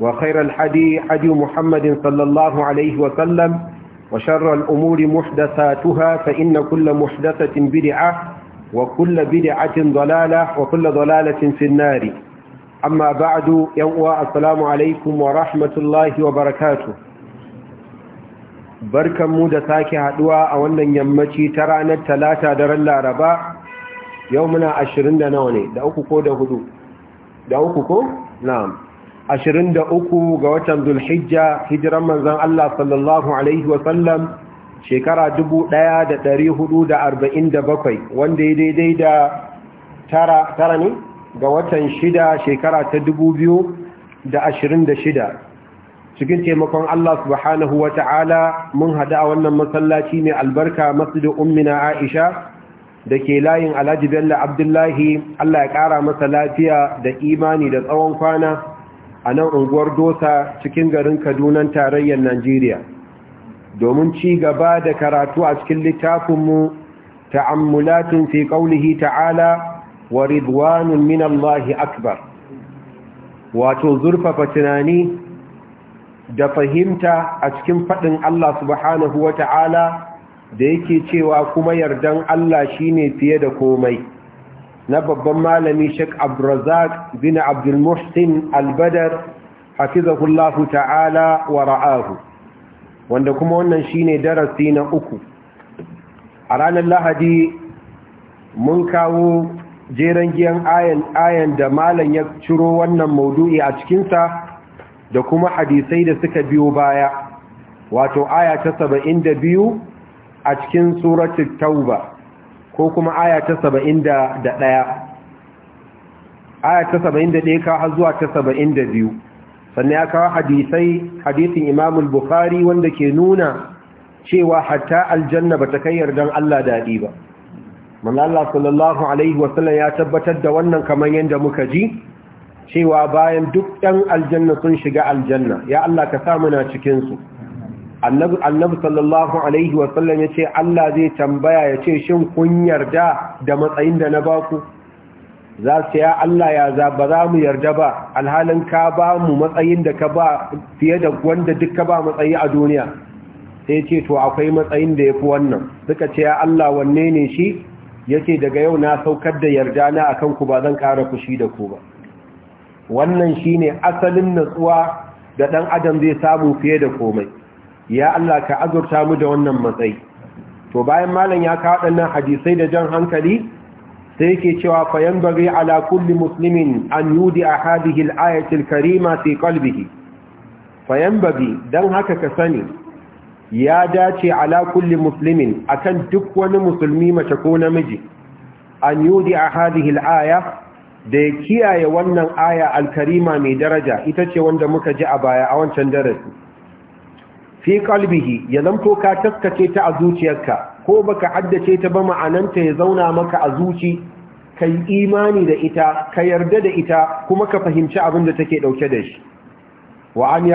وخير الحدي حدي محمد صلى الله عليه وسلم وشر الأمور محدثاتها فإن كل محدثة بدعة وكل بدعة ضلالة وكل ضلالة في النار أما بعد يوم السلام عليكم ورحمة الله وبركاته بركة مودة ساكي هدوى أولا يمتي ترانا التلاتة درلا رباع يومنا عشرين دنوني دا أكو كو دا هدو دا أكو كو نعم ashirin da uku ga watan zulhijja hijiran manzan Allah sallallahu Alaihi wasallam shekara dubu ɗaya da ɗari hudu da arba'in da bakwai wanda ya daidai da tara tara ne ga watan shida shekara ta dubu biyu da ashirin da shida cikin taimakon Allah subhanahu wa ta'ala mun haɗu a wannan masallaci ne albarka masjidin ummina Aisha da ke layin alhaji bello abdullahi allah ya kara masa lafiya da imani da tsawon kwana a nan unguwar dosa cikin garin kadunan tarayyar najeriya domin ci gaba da karatu a cikin littafinmu ta'ammulatin fi qaulihi ta'ala wa ridwanun minallahi akbar wato zurfafa tunani da fahimta a cikin faɗin Allah subhanahu wa ta'ala da yake cewa kuma yardan Allah shine fiye da komai na babban malami Sheikh Abdurrazzaq bin Abdul Muhsin Al-Badr hafizahullahu ta'ala wa ra'ahu wanda kuma wannan shine darasi na uku a ranar Lahadi mun kawo jeran giyan ayan ayan da malam ya ciro wannan maudu'i a cikinsa da kuma hadisai da suka biyo baya wato aya ta 72 a cikin suratul tauba ko kuma aya ta saba'in da ɗaya aya ta saba'in da ɗaya ka zuwa ta saba'in da biyu sannan ya kawo hadisai hadisin imamul bukhari wanda ke nuna cewa hatta aljanna ba ta kai yardan Allah daɗi ba manzo Allah sallallahu alaihi wasallam ya tabbatar da wannan kamar yadda muka ji cewa bayan duk ɗan aljanna sun shiga aljanna ya Allah ka sa muna cikin su annabi sallallahu alaihi wasallam ya ce Allah zai tambaya ya ce shin kun yarda da matsayin da na ba ku? za su ya Allah ya za ba za mu yarda ba alhalin ka ba mu matsayin da ka ba fiye da wanda duk ka ba matsayi a duniya sai ce to akwai matsayin da ya fi wannan suka ce ya Allah wanne ne shi ya ce daga yau na saukar da yarda na a kanku ba zan ƙara fushi da ku ba wannan shi ne asalin natsuwa da ɗan adam zai samu fiye da komai ya Allah ka azurta mu da wannan matsayi to bayan malam ya kawo waɗannan hadisai da jan hankali sai yake cewa fa yanbaghi ala kulli muslimin an yudi a hadhihi al-ayati al-karima fi qalbihi fa yanbaghi dan haka ka sani ya dace ala kulli muslimin akan duk wani musulmi mace ko namiji an yudi a hadhihi al-aya da ya kiyaye wannan aya alkarima mai daraja ita ce wanda muka ji a baya a wancan darasi fi kalbihi, ya zamto ka taskace ta a zuciyarka ko baka haddace ta ba ma'ananta ya zauna maka a zuci yi imani da ita ka yarda da ita kuma ka fahimci abin da take dauke da shi wa an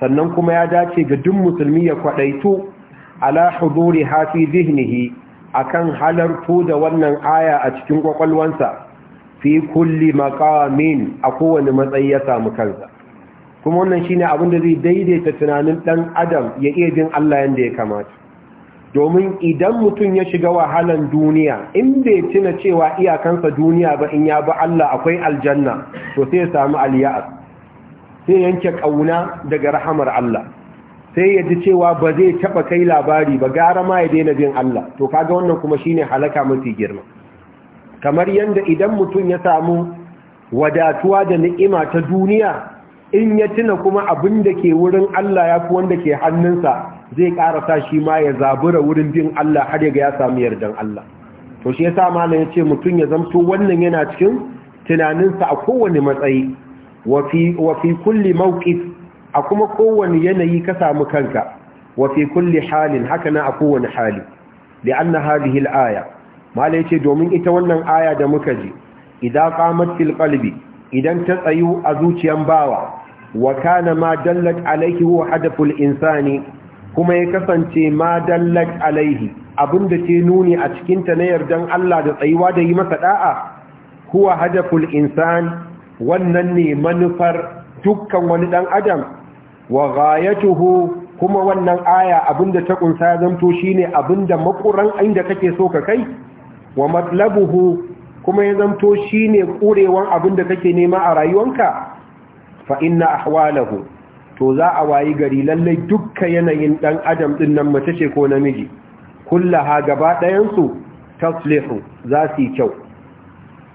sannan kuma ya dace ga duk musulmi ya kwadaitu ala huduri hafi zihnihi akan halarto da wannan aya a cikin kwakwalwansa fi kulli maqamin a kowane matsayi ya samu kansa kuma wannan shine abin da zai daidaita tunanin dan adam ya iya jin Allah yanda ya kamata domin idan mutum ya shiga wahalan duniya in bai tuna cewa iyakansa duniya ba in ya ba Allah akwai aljanna to sai ya samu aliya'at sai yanke ƙauna daga rahamar Allah sai ya ji cewa ba zai taba kai labari ba gara ma ya daina bin Allah to kaga wannan kuma shine halaka mafi girma kamar yanda idan mutum ya samu wadatuwa da ni'ima ta duniya in ya tuna kuma abin da ke wurin Allah ya fi wanda ke hannunsa zai karasa shi ma ya zabura wurin bin Allah har yaga ya samu yardan Allah to shi sa malam ya ce mutum ya zamto wannan yana cikin tunaninsa a kowane matsayi wa fi kulli mawqif a kuma kowane yanayi ka samu kanka wa fi kulli halin haka na a kowane hali li'anna na al-aya malam ya ce domin ita wannan aya da muka ji idan qamat fil kalbi. idan ta tsayu a zuciyan bawa wa kana ma dallat alaihi huwa hadaful insani kuma ya kasance ma dallat alaihi abinda ke nuni a cikin ta na yardan Allah da tsayuwa da yi masa da'a huwa hadaful insan wannan ne manufar dukkan wani dan adam wa ghayatuhu kuma wannan aya abinda ta kunsa zanto shine abinda makuran inda kake so ka kai wa matlabuhu kuma ya zanto shine kurewan abinda kake nema a rayuwanka fa inna ahwalahu to za a wayi gari lallai dukkan yanayin ɗan adam din nan mace ce ko namiji kullaha gaba ɗayan su taslihu za su yi kyau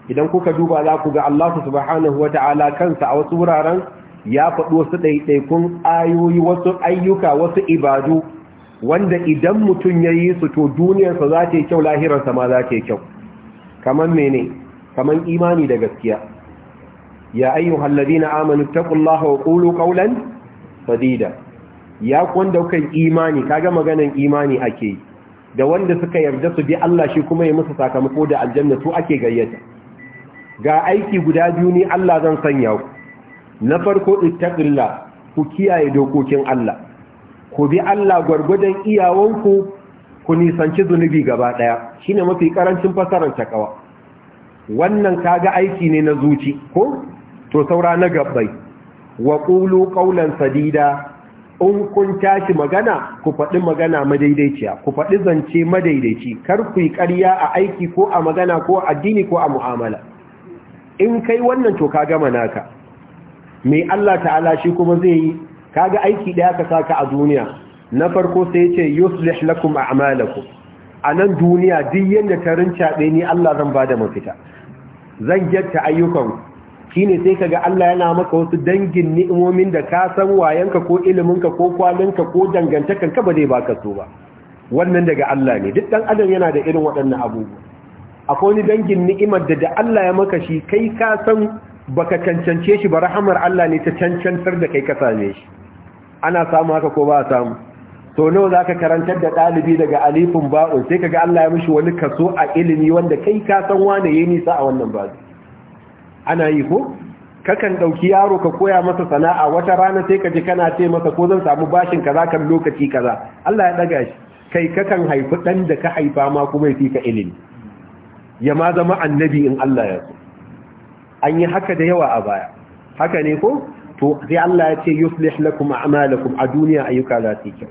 idan kuka duba za ku ga Allah subhanahu ta'ala kansa a wasu wuraren ya faɗi wasu ɗaiɗaikun ayoyi wasu ayyuka wasu ibadu wanda idan mutum ya yi su to duniyarsa za ta yi kyau lahirarsa ma za ta yi kyau kamar mene kamar imani da gaskiya ya ayyuhal ladina amanu taqullaha wa qulu qawlan sadida ya kwanda kai imani kaga maganar imani ake da wanda suka yarda su bi Allah shi kuma ya musu sakamako da aljanna su ake gayyata ga aiki guda biyu ne Allah zan sanya ku na farko ittaqilla ku kiyaye dokokin Allah ku bi Allah gwargwadon iyawanku ku nisanci zunubi gaba daya shine mafi karancin fasaran takawa wannan kaga aiki ne na zuci ko to saura na gabbai wa qulu qaulan sadida in kun tashi magana ku faɗi magana madaidaiciya ku faɗi zance madaidaici kar ku yi ƙarya a aiki ko a magana ko a addini ko a mu'amala in kai wannan to ka gama naka me Allah ta'ala shi kuma zai yi kaga aiki ɗaya ka saka a duniya na farko sai yace yuslih lakum a'malakum nan duniya duk yanda ta rinca ni Allah zan bada mafita zan jatta ayyukanku ne sai kaga Allah yana maka wasu dangin ni'imomin da ka san wayanka ko iliminka ko kwalinka ko dangantakanka ba zai baka so ba wannan daga Allah ne duk dan adam yana da irin waɗannan abubuwa akwai wani dangin ni'imar da da Allah ya maka shi kai ka san baka cancance shi ba rahamar Allah ne ta cancantar da kai ka same shi ana samu haka ko ba a samu to nawa zaka karantar da ɗalibi daga alifin ba'un sai kaga Allah ya mishi wani kaso a ilimi wanda kai ka san wane yayi nisa a wannan bazu ana yi ko kakan ɗauki yaro ka koya masa sana'a wata rana sai ka ji kana ce masa ko zan samu bashin kaza kan lokaci kaza Allah ya ɗaga shi kai kakan haifi ɗan da ka haifa ma kuma ya fi ka ilimi ya ma zama annabi in Allah ya so an yi haka da yawa a baya haka ne ko to sai Allah ya ce yuslih lakum a'malakum a duniya ayyuka za su kyau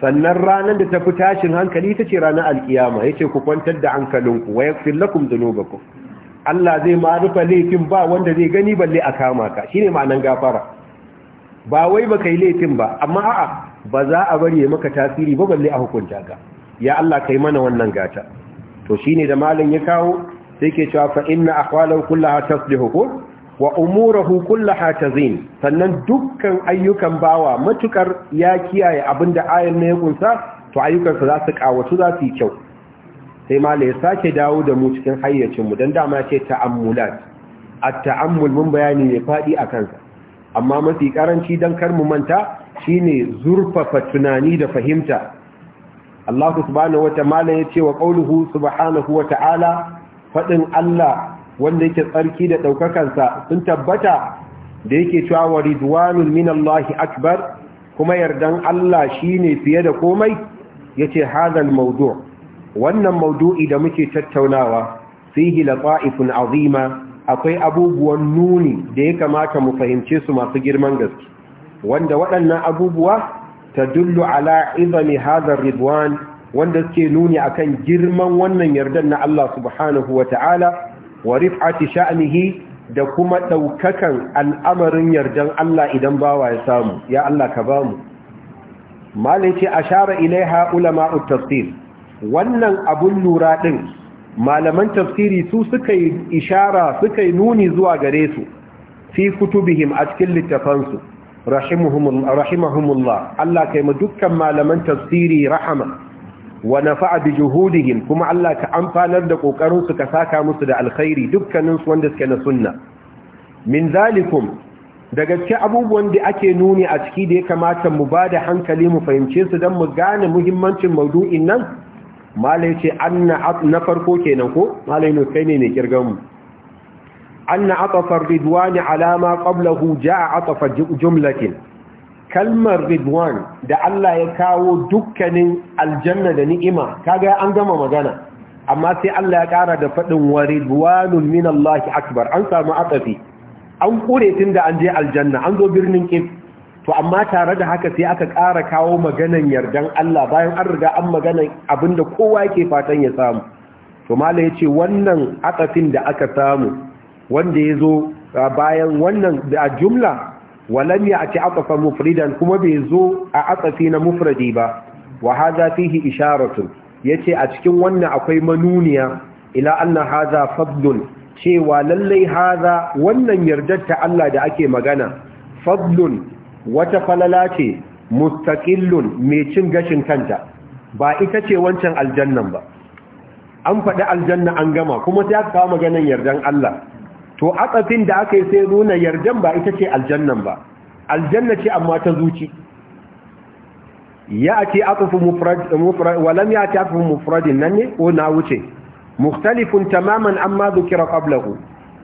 sannan ranar da ta fi tashin hankali ta ce ranar alkiyama yace ku kwantar da hankalinku wa yaghfir lakum dhunubakum Allah zai ma laifin ba wanda zai gani balle a kama ka shine ma'anan gafara ba wai baka yi laifin ba amma a'a ba za a bari ya maka tasiri ba balle a hukunta ka ya Allah kai mana wannan gata to shine da malam ya kawo sai ke cewa fa inna aqwalahu kullaha taslihu wa umurahu kullaha tazin sannan dukkan ayyukan bawa matukar ya kiyaye abinda ayan ne ya kunsa to ayyukansa za su kawatu za su yi kyau sai ma ya sake dawo da mu cikin hayyacinmu don dama ce ta'ammulat a ta'ammul mun bayani ne faɗi a kansa amma mafi ƙaranci don kar mu manta shine zurfafa tunani da fahimta Allah subhanahu wa ta'ala ya ce wa qauluhu subhanahu wa ta'ala faɗin Allah wanda yake tsarki da ɗaukakansa sun tabbata da yake cewa wa ridwanun min Allah akbar kuma yardan Allah shine fiye da komai yace hadal mawdu' wannan maudu'i da muke tattaunawa fihi lata'ifun azima akwai abubuwan nuni da ya kamata mu fahimce su masu girman gaske wanda waɗannan abubuwa ta dullu ala izami hadar ridwan wanda suke nuni akan girman wannan yardan na Allah subhanahu wa ta'ala wa rif'ati sha'nihi da kuma ɗaukakan al'amarin yardan Allah idan bawa ya samu ya Allah ka bamu malai ce ashara ilaiha ulama'ut tafsir wannan abun lura ɗin malaman tafsiri su suka yi ishara suka yi nuni zuwa gare su fi kutubihim a cikin littafansu rahimahumullah Allah kai ma dukkan malaman tafsiri rahama wa nafa'a bi juhudihim kuma Allah ka amfanar da kokarin su ka saka musu da alkhairi dukkanin su wanda suke na sunna min zalikum daga cikin abubuwan da ake nuni a ciki da ya kamata mu ba da hankali mu fahimce su don mu gane muhimmancin maudu'in nan malai ce na farko kenan ko malai ne kai ne mai kirganmu. mu na atafar ridwani alama qablahu a atafar jumlatin kalmar ridwan da Allah ya kawo dukkanin aljanna da ni'ima kaga an gama magana amma sai Allah ya kara da faɗin wa ridwanun min Allah akbar an samu atafi an kure tun da an je aljanna an zo birnin kif to amma tare da haka sai aka ƙara kawo maganan yardan Allah bayan an riga an maganan abinda kowa yake fatan ya samu to mala ya ce wannan akafin da aka samu wanda ya zo bayan wannan da jumla walam ya ce mufridan kuma bai zo a aqafi na mufradi ba wa hadha fihi isharatu yace a cikin wannan akwai manuniya ila anna haza fadlun cewa lallai haza wannan yardar ta Allah da ake magana fadlun wata falala ce mustaqillun mai cin gashin kanta ba ita ce wancan aljannan ba an faɗi aljanna an gama kuma sai aka kawo maganan yardan Allah to atsafin da aka yi sai nuna yardan ba ita ce aljannan ba aljanna ce amma ta zuci ya ce aqfu mufrad mufrad walam ya aqfu mufradin nan ne ko na wuce mukhtalifun tamaman amma dhukira qablahu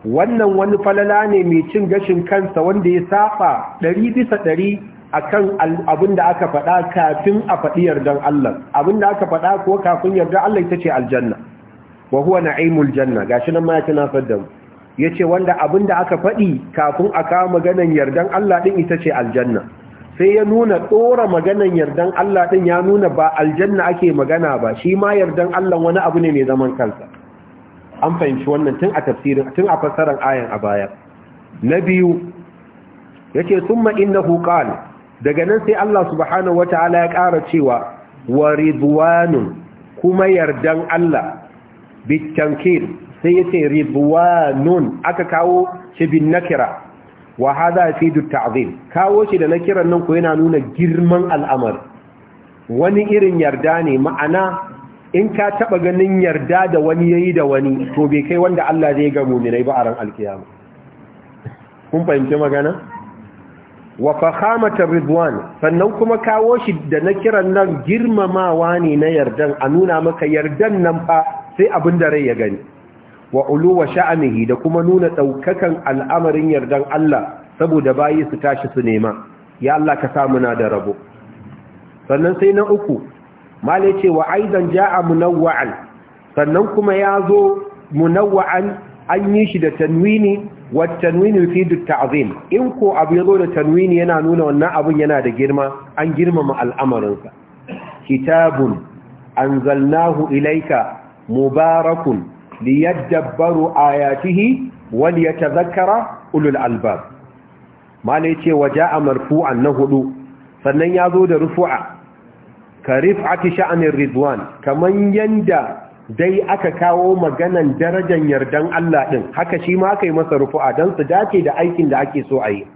wannan wani falala ne mai cin gashin kansa wanda ya saba ɗari bisa ɗari a kan abin da aka faɗa kafin a faɗi yardan Allah abin da aka faɗa ko kafin yardar Allah ita ce aljanna wa huwa na'imul janna gashi nan ma ya tunasar da mu ce wanda abin da aka faɗi kafin a kawo maganan yardan Allah ɗin ita ce aljanna sai ya nuna ɗora maganan yardan Allah ɗin ya nuna ba aljanna ake magana ba shi ma yardan Allah wani abu ne mai zaman kansa an fahimci wannan tun a tafsirin tun a fassarar ayan a baya na biyu yace summa innahu qala daga nan sai Allah subhanahu wataala ya ƙara cewa wa ridwanun kuma yardan Allah bitankir sai yace ridwanun aka kawo shi bin nakira wa hadha yafidu ta'zim kawo shi da nakiran nan ko yana nuna girman al'amar wani irin yarda ne ma'ana in ka taba ganin yarda da wani yayi da wani to bai kai wanda Allah zai ga mu'minai ba a ran alkiyama kun fahimci magana wa fakhamatar ridwan sannan kuma kawo shi da na kiran nan girmamawa ne na yardan a nuna maka yardan nan fa sai abin da rai ya gani wa ulu wa sha'anihi da kuma nuna daukakan al'amarin yardan Allah saboda bayi su tashi su nema ya Allah ka sa muna da rabo sannan sai na uku mala ce wa ja a munawwa'an sannan kuma ya zo munawwa'an an yi shi da tanwini wa tanwini yufidu ta'zim in ko abu ya zo da tanwini yana nuna wannan abin yana da girma an girmama al'amarinsa kitabun anzalnahu ilaika mubarakun liyadabbaru ayatihi wa liyatadhakkara ulul albab mala ce wa ja'a marfu'an na hudu sannan ya zo da rufu'a ka rif'ati sha'anin ridwan kaman yanda dai aka kawo maganan darajar yardan Allah din haka shi ma aka yi masa rufu'a dan su dace da aikin da ake so a yi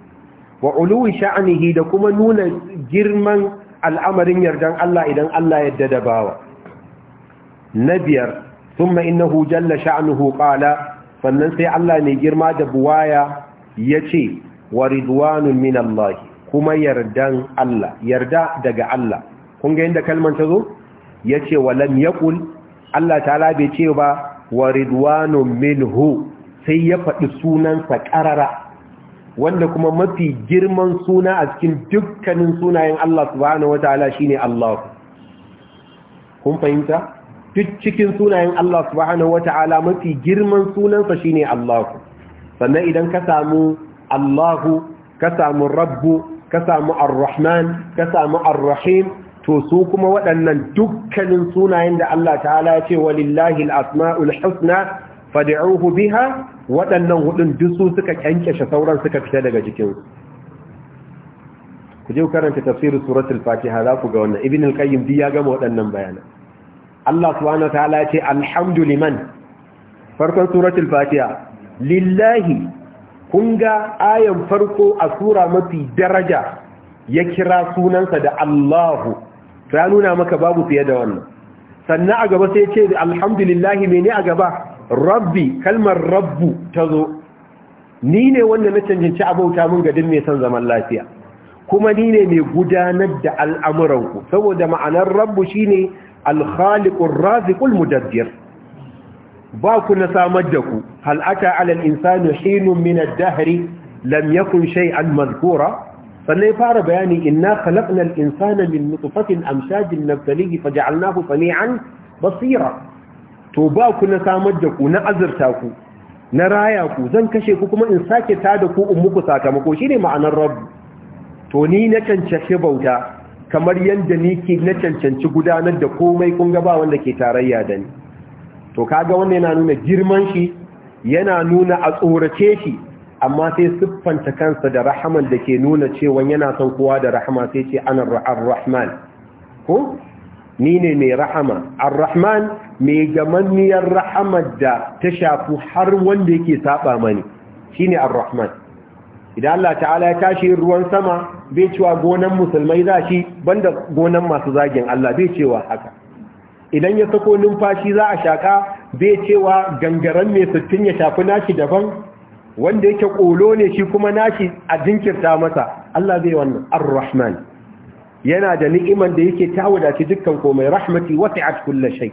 wa uluwi sha'anihi da kuma nuna girman al'amarin yardan Allah idan Allah ya da bawa na biyar thumma innahu jalla sha'nuhu qala sannan sai Allah ne girma da buwaya yace wa ridwanun min Allah kuma yardan Allah yarda daga Allah kun ga inda kalman ta zo yace walam yaqul Allah ta'ala bai ce ba wa ridwanun minhu sai ya faɗi sunansa ƙarara wanda kuma mafi girman suna a cikin dukkanin sunayen Allah subhanahu wataala shine Allah kun fahimta duk cikin sunayen Allah subhanahu wata'ala mafi girman sunansa shine Allah sannan idan ka samu Allahu ka samu Rabbu ka samu Ar-Rahman ka samu Ar-Rahim to su kuma waɗannan dukkanin sunayen da Allah ta'ala ya ce walillahi al-asma'ul husna fad'uhu biha waɗannan hudun dusu suka kyankyashe sauran suka fita daga jikin ku je karanta tafsirin suratul fatiha za ku ga wannan ibn al-qayyim ya gama waɗannan bayanan Allah subhanahu ta'ala ya ce alhamduliman farkon suratul fatiha lillahi kun ga ayan farko a sura mafi daraja ya kira sunansa da Allahu Ta nuna maka babu fiye da wannan sannan a gaba sai ce alhamdulillahi ne a gaba rabbi kalmar rabbu ta zo ni ne wanda na cancanci abauta mun gadin mai son zaman lafiya kuma ni ne mai gudanar da al'amuranku saboda ma'anar rabbu shine alkhaliqur raziqul mudabbir ba ku na samar da ku hal ata alal insani hinun min ad-dahri lam yakun shay'an mazkura sannan ya fara bayani inna khalaqnal insana min nutfatin amshajin nabtalihi faj'alnahu sami'an basira to ba ku na samar da ku na azurta ku na raya ku zan kashe ku kuma in sake tada ku in muku sakamako shine ma'anar rabb to ni na cancanci bauta kamar yadda ni ke na cancanci gudanar da komai kun ga ba wanda ke tarayya da ni to kaga wannan yana nuna girman shi yana nuna a tsorace shi amma sai siffanta kansa da rahaman da ke nuna cewa yana son kowa da rahama sai ce ana ar-rahman ko ni ne mai rahama ar-rahman mai gamanniyar rahamar da ta shafi har wanda yake saba mani shine ar-rahman idan Allah ta'ala ya tashi ruwan sama bai cewa gonan musulmai za shi banda gonan masu zagin Allah bai cewa haka idan ya sako numfashi za a shaka bai cewa gangaren mai sittin ya shafi nashi daban wanda yake kolo ne shi kuma nashi a jinkirta masa Allah zai wannan ar-rahman yana da ni'iman da yake ta wadace dukkan komai rahmati wasi'at kullu shay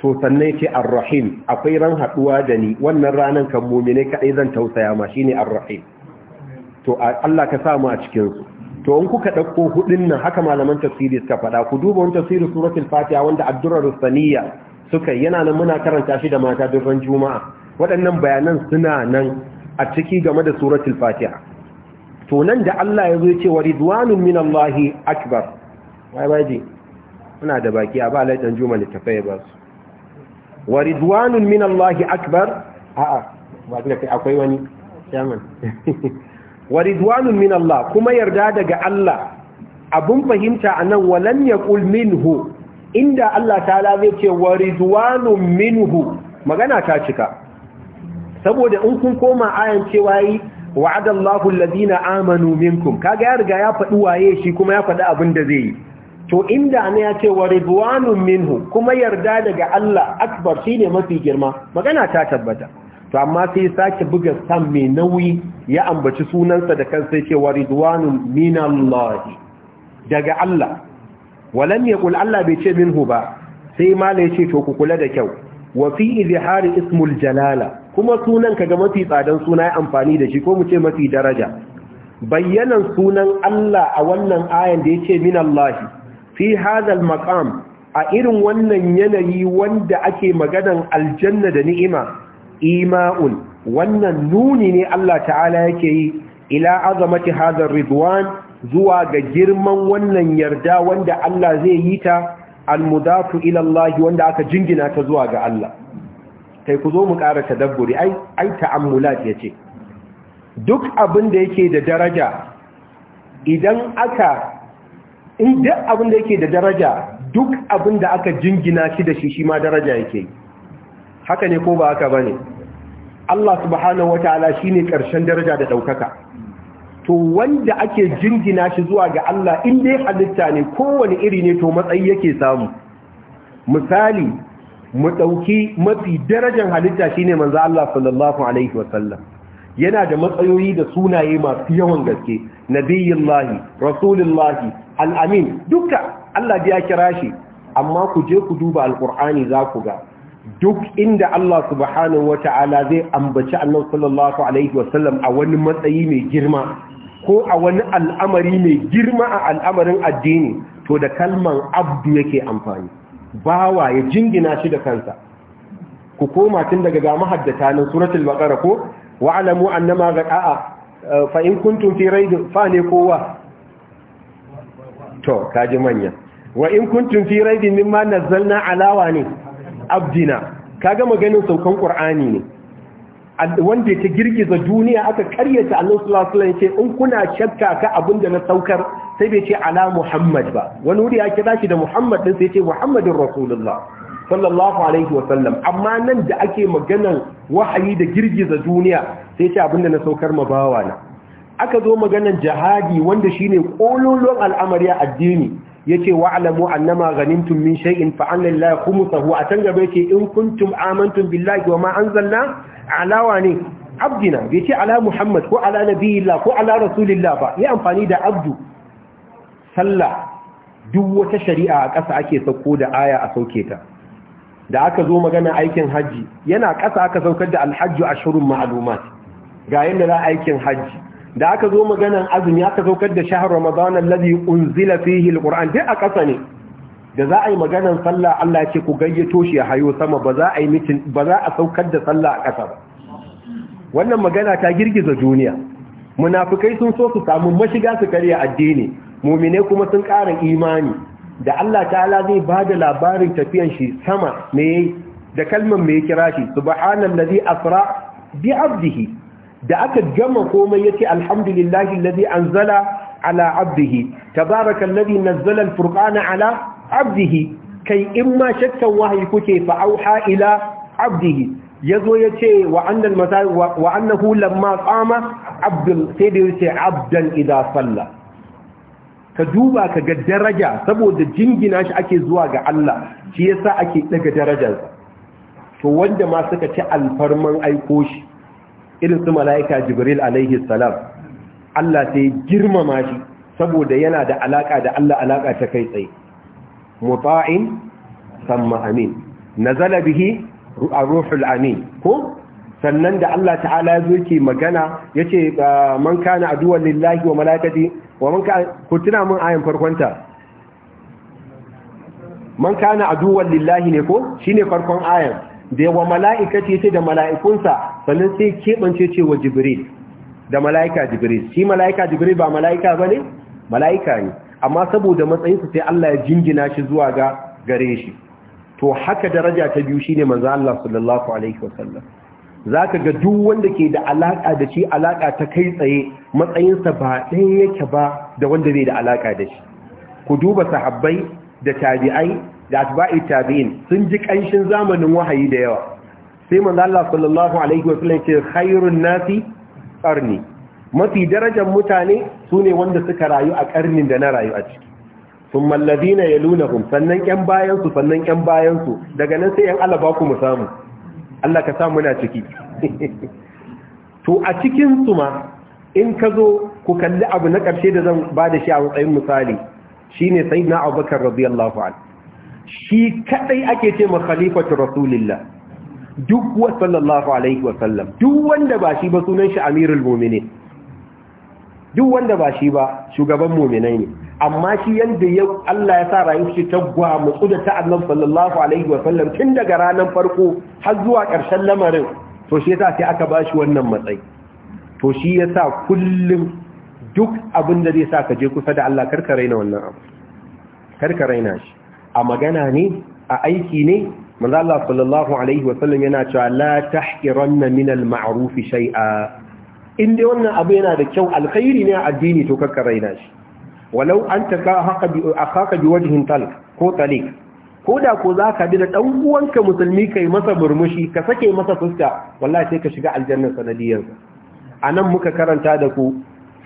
to sannan yake ar-rahim akwai ran haduwa da ni wannan ranan kan mu'mine kadai zan tausaya ma shine ar-rahim to Allah ka samu a cikin su to in kuka dauko hudin nan haka malaman tafsiri suka faɗa ku duba wannan tafsirin suratul fatiha wanda abdurrahman saniya suka yana nan muna karanta shi da mata duk ran juma'a waɗannan bayanan suna nan a ciki game da suratul fatiha to nan da Allah ya zo ya ce wa ridwanun minallahi akbar wai baji muna da baki a ba lai dan juma littafai ba su wa ridwanun minallahi akbar a'a ba kina kai akwai wani chairman wa ridwanun minallah kuma yarda daga Allah abun fahimta anan walam yaqul minhu inda Allah ta'ala zai ce wa ridwanun minhu magana ta cika saboda in kun koma ayan cewa yi wa'adallahu alladhina amanu minkum kaga ya riga ya faɗi waye shi kuma ya faɗi abin da zai yi to inda ne ya ce wa ridwanun minhu kuma yarda daga Allah akbar shine mafi girma magana ta tabbata to amma sai sake buga san mai nauyi ya ambaci sunansa da kansa ce wa ridwanun minallahi daga Allah walam yaqul Allah bai ce minhu ba sai ya ce to ku kula da kyau wa fi izhari ismul jalala kuma sunan kaga mafi tsadan suna ya amfani da shi ko mu ce mafi daraja bayyanan sunan Allah a wannan ayan da yake min Allah fi hadal maqam a irin wannan yanayi wanda ake maganan aljanna da ni'ima ima'un wannan nuni ne Allah ta'ala yake yi ila azamati hadar ridwan zuwa ga girman wannan yarda wanda Allah zai yi ta almudafu ila Allah wanda aka jingina ta zuwa ga Allah kai ku zo mu ƙara tadabburi ai ai ta'ammulat yace duk abin da yake da daraja idan aka duk abin da yake da daraja duk abin da aka jingina shi da shi shi ma daraja yake haka ne ko ba haka bane Allah subhanahu wataala shine ƙarshen daraja da ɗaukaka. to wanda ake jingina shi zuwa ga Allah in dai halitta ne kowane iri ne to matsayi yake samu misali mu ɗauki mafi darajar halitta shine manzo Allah sallallahu alaihi wasallam yana da matsayoyi da sunaye masu yawan gaske nabiyullahi rasulullahi al-amin duka Allah ya kira shi amma ku je ku duba alqur'ani za ku ga duk inda Allah subhanahu wata'ala zai ambaci Annabi sallallahu alaihi wasallam a wani matsayi mai girma ko a wani al'amari mai girma a al'amarin addini to da kalman abdu yake amfani bawa ya jingina shi da kansa ku koma tun daga ga mahaddata nan suratul baqara ko alamu annama gaa fa in kuntum fi raid fa ne kowa to kaje manya wa in kuntum fi raid mimma nazzalna ala wani abdina kaga maganin saukan qur'ani ne wanda ya ta girgiza duniya aka karyata Allah sallallahu alaihi ce in kuna shakka ka abin da na saukar sai bai ce ala Muhammad ba wani wuri ya kira shi da Muhammad din sai ce Muhammadin Rasulullah sallallahu alaihi wasallam amma nan da ake maganan wahayi da girgiza duniya sai ce abin da na saukar ma bawa na aka zo maganan jihadi wanda shine kololon al'amari addini yace wa'lamu annama ghanimtum min shay'in fa anna lillahi khumsahu atan gaba yace in kuntum amantum billahi wa ma anzalna alawa ne abdina bai ce ala muhammad ko ala nabiyillah ko ala rasulillah ba yi amfani da abdu sallah duk wata shari'a a ƙasa ake sauko da aya a sauke ta da aka zo magana aikin hajji yana ƙasa aka saukar da alhajju shirin ma'lumat ga yadda za aikin hajji da aka zo maganar azumi aka saukar da shahar ramadan lazi unzila fihi alquran duk a ƙasa ne da za a yi maganan sallah Allah ya ce ku gayyato shi ya hayo sama ba za a yi mitin ba za a saukar da sallah a ƙasa ba wannan magana ta girgiza duniya munafikai sun so su samu mashiga su karya addini mumine kuma sun ƙara imani da Allah ta'ala zai ba da labarin tafiyan shi sama me da kalmar me kira shi subhanallazi asra bi abdihi da aka gama komai yace alhamdulillahi allazi anzala ala abdihi tabarakallazi nazzala alfurqana ala abdihi kai in ma shakkan wahayi kuke fa auha ila abdihi yazo yace wa annal masal wa annahu lamma qama abdul sai yace abdan idza salla ka duba ka ga daraja saboda jingina shi ake zuwa ga Allah shi yasa ake daga darajarsa to wanda ma suka ci alfarman aiko shi irin su mala'ika jibril alaihi salam Allah sai girmama shi saboda yana da alaka da Allah alaka ta kai tsaye muta'in samma amin nazala bihi ar-ruhul amin ko sannan da Allah ta'ala ya zo ke magana ya ce man kana aduwan lillahi wa malakati wa man kana kutuna tuna mun ayan farkonta man kana aduwan lillahi ne ko shine farkon ayan da wa mala'ikati ce da mala'ikunsa sannan sai kebance ce wa jibril da mala'ika jibril shi mala'ika jibril ba mala'ika bane mala'ika ne amma saboda matsayinsa sai Allah ya jingina shi zuwa ga gare shi to haka daraja ta biyu shine maza Allah sallallahu alaihi wasallam ka ga duk wanda ke da alaƙa da shi alaƙa ta kai tsaye matsayinsa ba ɗaya yake ba da wanda zai da alaƙa da shi ku duba sahabbai da tabi'ai da atba'i tabi'in sun ji ƙanshin zamanin wahayi da yawa sai maza Allah sallallahu alaihi wasallam ce khairun nasi ƙarni mafi darajar mutane su ne wanda suka rayu a karnin da na rayu a ciki sun mallabi na ya luna hun sannan yan bayansu sannan yan bayansu daga nan sai yan alaba ku mu samu Allah ka samu na ciki to a cikin su ma in ka zo ku kalli abu na ƙarshe da zan ba da shi a matsayin misali shine sayyidina Abubakar radiyallahu anhu shi kadai ake ce ma khalifatu rasulillah duk wa sallallahu alaihi wa sallam duk wanda ba shi ba sunan shi amirul mu'minin duk wanda ba shi ba shugaban muminai ne amma shi yanda yau Allah ya sa rayu shi ta gwamutsu da ta Annabi sallallahu alaihi wa sallam tun daga ranar farko har zuwa ƙarshen lamarin to shi yasa sai aka bashi wannan matsayi to shi yasa kullum duk abin da zai sa ka je kusa da Allah karka raina wannan abu karka shi a magana ne a aiki ne manzo Allah sallallahu alaihi wa sallam yana cewa la tahqiranna min al-ma'ruf in dai wannan abu yana da kyau alkhairi ne a addini to kakka raina shi walau an ta ka haka bi akhaka bi wajhin talq ko talik ko da ko zaka bi da dan uwanka musulmi kai masa murmushi ka sake masa fuska wallahi sai ka shiga aljanna sanadiyar anan muka karanta da ku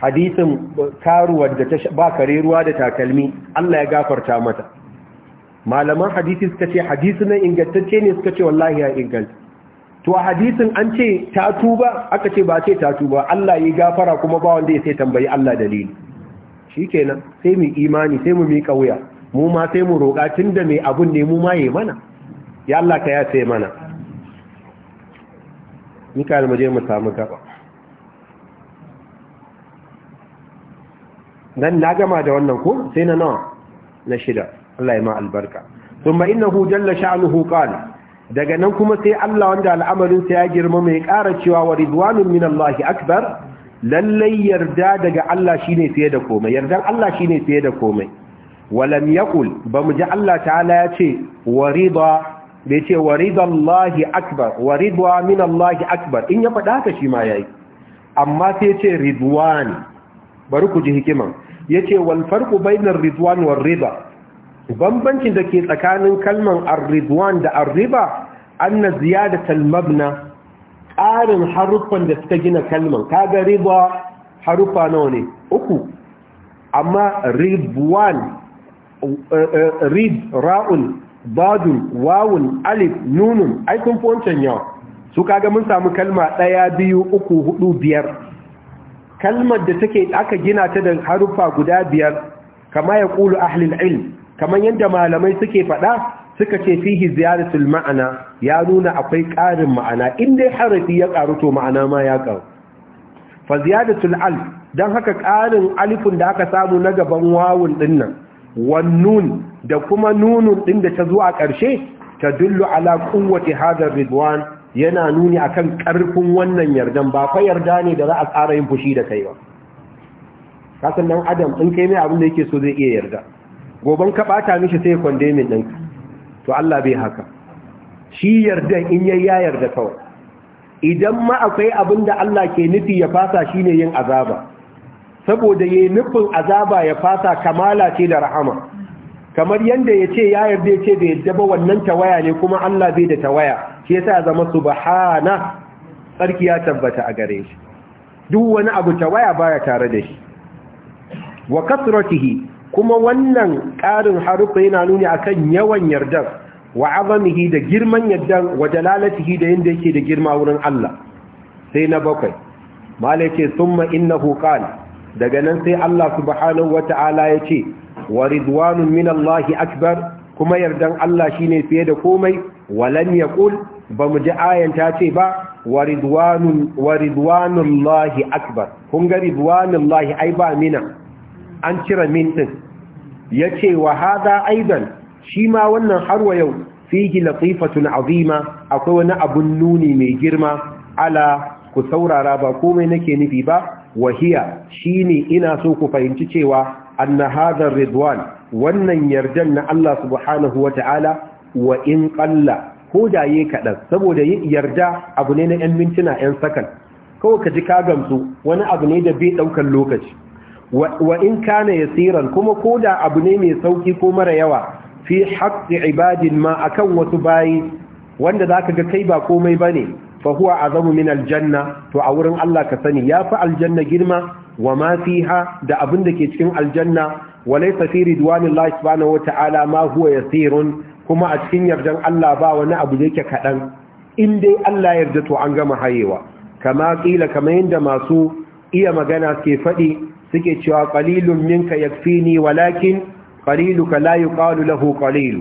hadisin karuwar da ba kare ruwa da takalmi Allah ya gafarta mata malaman hadisi suka ce hadisi na ingantacce ne suka ce wallahi ya inganta to a hadisin an ce ta tuba aka ce ba ce ta tuba Allah ya gafara kuma ba wanda ya sai tambayi Allah dalili shikenan sai mu imani sai mu miƙa wuya mu ma sai mu roƙa tunda mai abun ne mu ma yi mana ya Allah ka ya sai mana mika mu je mu samu gaba nan na gama da wannan ko sai na nawa na shida Allah ya ma albarka ثم إنه جل شعنه قال daga nan kuma sai Allah wanda al'amarinsa ya girma mai ƙara cewa wa ridwanun min Allahi akbar lallai yarda daga Allah shine fiye da komai yardan Allah shine fiye da komai walam yaqul bamu ji Allah ta'ala ya ce wa rida bai ce wa rida akbar wa ridwa min Allahi akbar in ya faɗa haka shi ma yayi amma sai ce ridwan bari ku ji hikiman yace wal farqu bainar ridwan war rida bambancin da ke tsakanin kalman arribuwan da Arriba, an anna ziyadatal talmabna ƙarin haruffan da suka gina kalman kaga riba haruffa nawa ne uku amma ribuwan rib ra'un badun wawun alif nunun aikin kun yawa su kaga mun samu kalma ɗaya biyu uku hudu biyar kalmar da take aka gina ta da haruffa guda biyar kama ya ƙulu ahlil ilm kamar yadda malamai suke faɗa suka ce fihi ziyaratul ma'ana ya nuna akwai ƙarin ma'ana in dai harafi ya ƙaru to ma'ana ma ya ƙaru fa ziyaratul alf don haka ƙarin alifun da aka samu na gaban wawun ɗinnan, nan wan nun da kuma nunun ɗin da ta zo a ƙarshe ta dullu ala quwwati hadar ridwan yana nuni akan ƙarfin wannan yardan ba fa yarda ne da za a tsara yin fushi da kai ba kasan dan adam in kai mai abin da yake so zai iya yarda goban ka bata mishi sai kwandemin ɗinka to Allah bai haka shi yardan in yayi ya yarda kawai idan ma akwai abin da Allah ke nufi ya fasa shine yin azaba saboda yayi nufin azaba ya fasa kamala ce da rahama kamar yanda yace ya yarda yace da yarda ba wannan tawaya ne kuma Allah bai da tawaya shi yasa ya zama subhana Sarki ya tabbata a gare shi duk wani abu tawaya baya tare da shi wa kasratihi kuma wannan ƙarin harufa yana nuni akan yawan yardar wa azamihi da girman yardan wa jalalatihi da yanda yake da girma wurin Allah sai na bakwai malake summa innahu qala daga nan sai Allah subhanahu wata'ala yace wa ridwanun minallahi akbar kuma yardan Allah shine fiye da komai walam yaqul bamu ji ayan ta ce ba wa ridwanun wa ridwanullahi akbar kun ga ridwanullahi ai ba mina an cire min din yace wa hada aidan shi ma wannan har wa yau fihi latifatun azima akwai wani abun nuni mai girma ala ku saurara ba komai nake nufi ba wahiya Shi ne ina so ku fahimci cewa anna hadha ridwan wannan yardan na Allah subhanahu wa wa in qalla ko da yayi kaɗan, saboda yarda abu ne na 'yan mintuna 'yan sakan kawai ka ji ka gamsu wani abu ne da bai ɗaukar lokaci wa in kana yasiran kuma koda abu ne mai sauki ko mara yawa fi haqqi ibadin ma akan wasu bayi wanda zaka ga kai ba komai bane fa huwa azamu min aljanna to a wurin Allah ka sani yafi aljanna girma wa ma fiha da abin da ke cikin aljanna walaysa fi ridwanillahi subhanahu wata'ala ma huwa yasirun kuma a cikin yardan Allah ba wani abu da yake kadan in dai Allah yarda to an gama hayewa kama kila kamar yanda masu iya magana ke fadi. suke cewa qalilun minka yakfini walakin qaliluka la yuqalu lahu qalil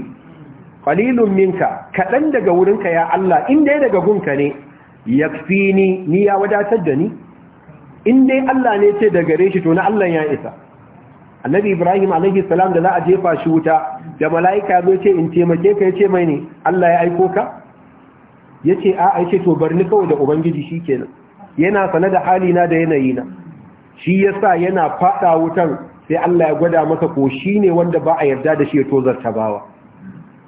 qalilun minka kadan daga wurinka ya Allah in dai daga gunka ne yakfini ni ya wadatar da ni in dai Allah ne ce daga gare to na Allah ya isa annabi ibrahim alaihi salam da za a jefa shi wuta da mala'ika zo ce in taimake ka yace mai ne Allah ya aiko ka yace a aice to bar ni kawai da ubangiji shikenan yana sane da halina da yanayi na. shi ya sa yana fada wutan sai Allah ya gwada masa ko shi ne wanda ba a yarda da shi ya tozarta bawa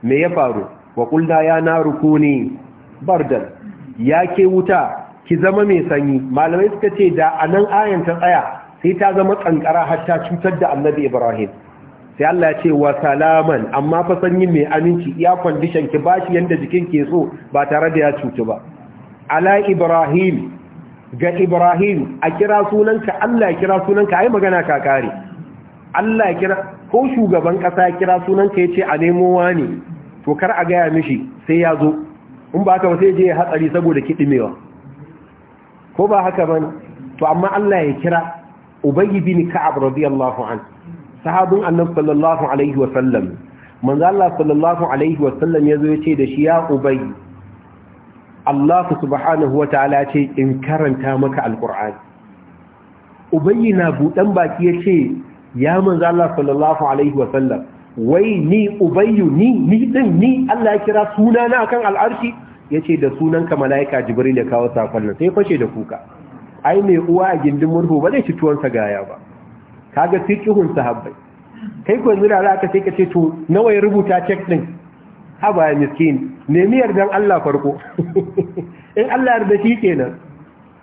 me ya faru wa qulna ya naru kuni bardan ya ke wuta ki zama mai sanyi malamai suka ce da anan ayan ta tsaya sai ta zama tsankara har cutar da Annabi Ibrahim sai Allah ya ce wa salaman amma fa sanyi mai aminci iya kwandishan ki ba shi yanda jikin ke so ba tare da ya cutu ba ala Ibrahim ga Ibrahim a kira sunanka Allah ya kira sunanka ai magana ka kare Allah ya kira ko shugaban kasa ya kira sunanka yace a nemo wani to kar a gaya mishi sai ya zo in ba haka ba sai je ya hatsari saboda kidimewa ko ba haka bane to amma Allah ya kira Ubay bin Ka'ab radiyallahu an sahabin Annabi sallallahu alaihi wa sallam manzo Allah sallallahu alaihi wa sallam yazo yace da shi ya Ubay Allah subhanahu wa ta'ala ce in karanta maka alqur'ani ubayyi na budan baki yace ya manzo Allah sallallahu alaihi wa sallam wai ni ubayyu ni ni din ni Allah ya kira suna na akan al'arshi yace da sunan ka malaika jibril ya kawo sakon nan sai fashe da kuka ai mai uwa a gindin murhu ba zai ci tuwon sa gaya ba kaga fiqhun sahabbai kai ko yanzu da aka sai ka ce to nawa ya rubuta check din haba miskin nemi yardan Allah farko in Allah yarda shi kenan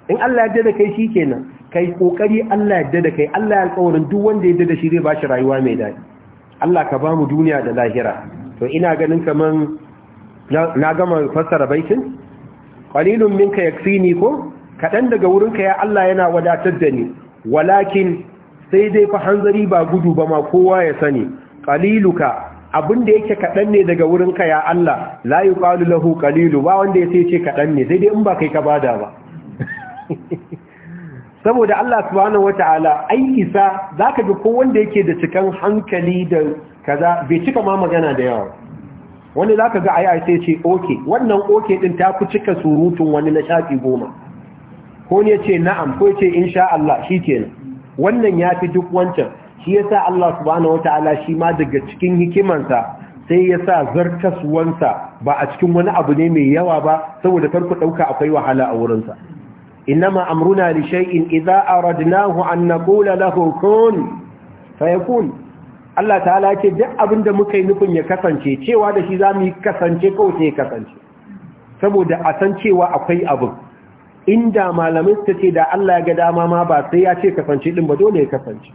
in Allah yarda da kai shi kenan kai kokari Allah yarda da kai Allah ya alƙawarin duk wanda yarda da shi zai bashi rayuwa mai daɗi Allah ka ba mu duniya da lahira to ina ganin kaman na gama fassara baitin qalilun minka yakfini ko kaɗan daga wurin ka ya Allah yana wadatar da ni walakin sai dai fa hanzari ba gudu ba ma kowa ya sani qaliluka abin da yake kaɗan ne daga wurin ka ya Allah la ƙwalu lahu ƙalilu ba wanda ya sai ce kaɗan ne sai dai in ba kai ka bada ba saboda Allah subhanahu wataala ai isa za ka ko wanda yake da cikan hankali da kaza bai cika ma magana da yawa wani za ka ga a yi sai ce oke wannan oke ɗin ta fi cika surutun wani na shafi goma ko ne ce na'am ko ce insha Allah shi kenan wannan ya fi duk wancan shi yasa Allah subhanahu wataala shi ma daga cikin hikimansa sai ya sa zartaswansa ba a cikin wani abu ne mai yawa ba saboda farko ɗauka akwai wahala a wurinsa innama amruna li Iza! A radinahu, an naqula na kun fayakun Allah ta'ala ce duk da muka yi nufin ya kasance cewa da shi mu yi kasance ko sai kasance saboda a san cewa akwai abu inda malamai suka ce da Allah ya ga dama ma ba sai ya ce kasance ɗin ba dole ya kasance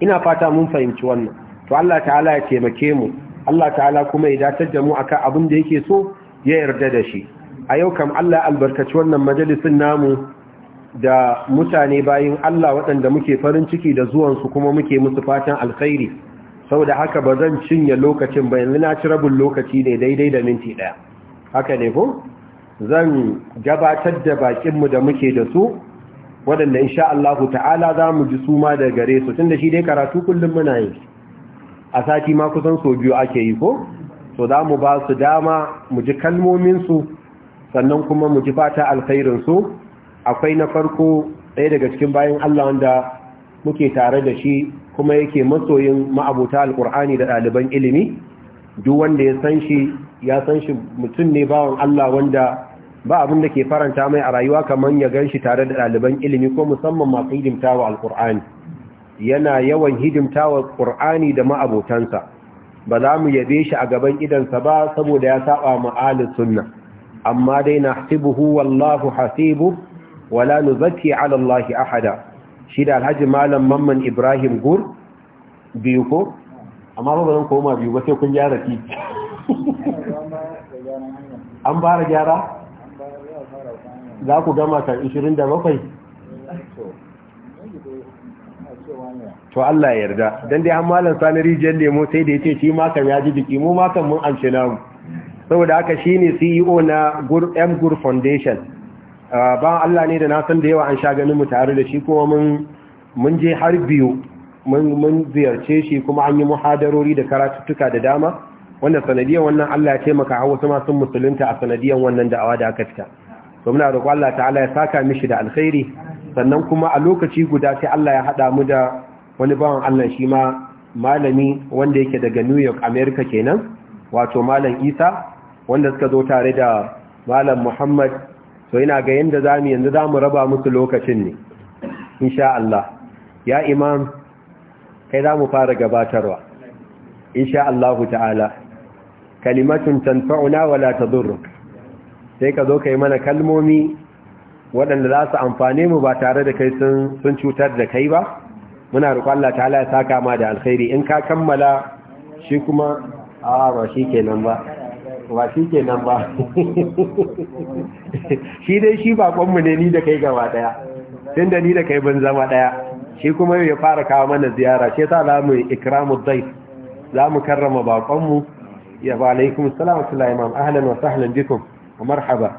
ina fata mun fahimci wannan to Allah ta'ala ya taimake mu Allah ta'ala kuma ya datar da mu akan abin da yake so ya yarda da shi a yau kam Allah albarkaci wannan majalisin namu da mutane bayin Allah waɗanda muke farin ciki da zuwan su kuma muke musu fatan alkhairi saboda haka bazan cinye lokacin ba yanzu na ci rabin lokaci ne daidai da minti ɗaya haka ne ko zan gabatar da mu da muke da su waɗanda insha Allahu ta'ala za mu ji su ma da gare su tun da shi dai karatu kullum muna yi a sati ma kusan so biyu ake yi ko so za mu ba su dama mu ji kalmominsu sannan kuma mu ji fata alkhairinsu akwai na farko ɗaya daga cikin bayan Allah wanda muke tare da shi kuma yake masoyin ma'abuta alkur'ani da ɗaliban ilimi duk wanda ya san shi ya san shi mutum ne bawan Allah wanda ba abin da ke faranta mai a rayuwa kamar ya ganshi shi tare da ɗaliban ilimi ko musamman masu hidimtawa alƙur'ani yana yawan hidimtawa ƙur'ani da ma'abotansa ba za mu yabe shi a gaban idansa ba saboda ya saba ma'alin sunna amma dai na hasibuhu wallahu hasibu wala nuzaki ala Allah ahada shi da alhaji malam mamman ibrahim gur biyu ko amma ba zan koma biyu ba sai kun gyara titi an fara gyara za ku gama ta 27 to Allah ya yarda dan dai hammalan sani rijiyar lemo sai da yace shi ma kan ya ji biki mu ma kan mun amshi namu saboda haka shine CEO na Gur M Gur Foundation ba Allah ne da na san da yawa an sha ganin mu tare da shi kuma mun mun je har biyu mun ziyarce shi kuma an yi muhadarori da karatuttuka da dama wanda sanadiyar wannan Allah ya taimaka har wasu ma sun musulunta a sanadiyar wannan da'awa da aka fita to muna roƙon Allah ta'ala ya saka mishi da alkhairi sannan kuma a lokaci guda sai Allah ya haɗa mu da wani bawan Allah shi ma malami wanda yake daga New York America kenan wato malam Isa wanda suka zo tare da malam Muhammad to ina ga yanda zamu yanzu zamu raba musu lokacin ne insha Allah ya imam kai zamu fara gabatarwa insha Allah ta'ala kalimatun tanfa'una wala tadurruka sai ka zo ka yi mana kalmomi waɗanda za su amfane mu ba tare da kai sun cutar da kai ba muna roƙon Allah ta halaye saka ma da alkhairi in ka kammala shi kuma a ba shi kenan ba ba shi kenan ba shi dai shi baƙonmu ne ni da kai gaba ɗaya, tun da ni da kai bin zama ɗaya. shi kuma ya fara kawo mana ziyara shi ta za mu ikramu zai, za mu karrama baƙonmu. ya ba alaikum salamu salamu ومرحبا